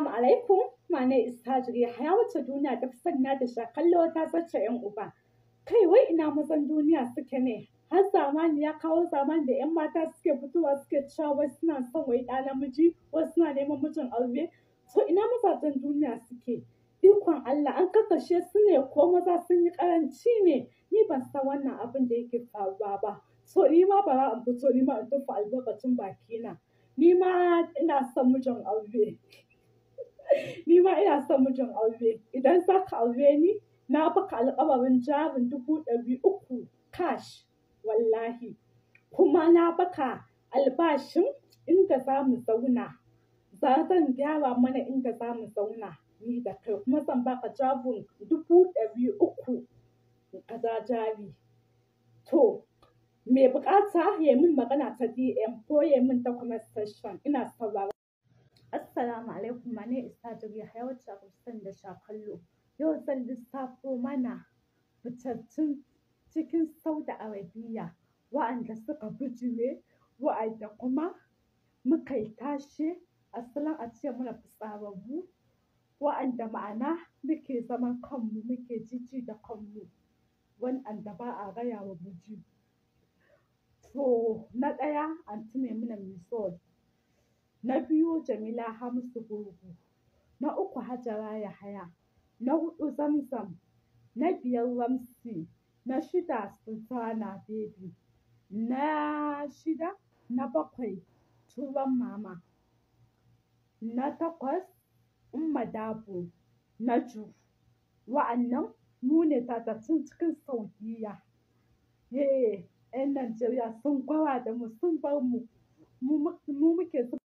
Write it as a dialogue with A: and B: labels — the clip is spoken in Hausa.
A: Assalamu alaikum, mane haya wacce duniya duk sanna da shakallo ta zace ‘yan uba. Kai wai ina mazan duniya suke ne, har zamani ya kawo zamani da ‘yan mata suke fitowa suke cewa wai suna son wai ɗa namiji, wasu suna neman mijin aure. To ina mazajen duniya suke? Ikon Allah an kasashe su ne ko maza sun yi karanci ne, ni ban san wannan abin da yake faruwa ba. So ni ma bara in fito ni ma in tufa albarkacin bakina. Ni ma ina son mijin aure. ni ma ina son mijin aure idan za ka aure ni na baka alƙawarin jarin dubu ɗari uku cash wallahi kuma na baka albashin inda za mu zauna za zan gyara mana inda za mu zauna ni da kai kuma zan baka jarin dubu ɗari uku a jari to mai bukata ya min magana ta DM ko ya min ta kuma ina saurara Kuma ne ya Yahaya wacce a fi da shakallo. Yau zan lissafo mana fitattun cikin Sauda Arabiya wa'anda suka bijire wa'anda kuma muka yi tashe asalin a ce muna fitsararru wa'anda ma'ana muke zama kanmu muke jiji da kanmu wa'anda ba a gaya wa buji. To na ɗaya Anti Maimuna Misol na biyu Jamila Hamisu Gurgu, na uku Hajara Yahaya, na hudu Zamzam, na biyar Ramsey, na shida Sultana Baby, na shida na bakwai Turan Mama, na takwas Umma Dabo, na Ju. Wa'annan mu ne sun cikin Saudiya. Ye, 'yan Najeriya sun gwara da mu sun bar mu, mu muke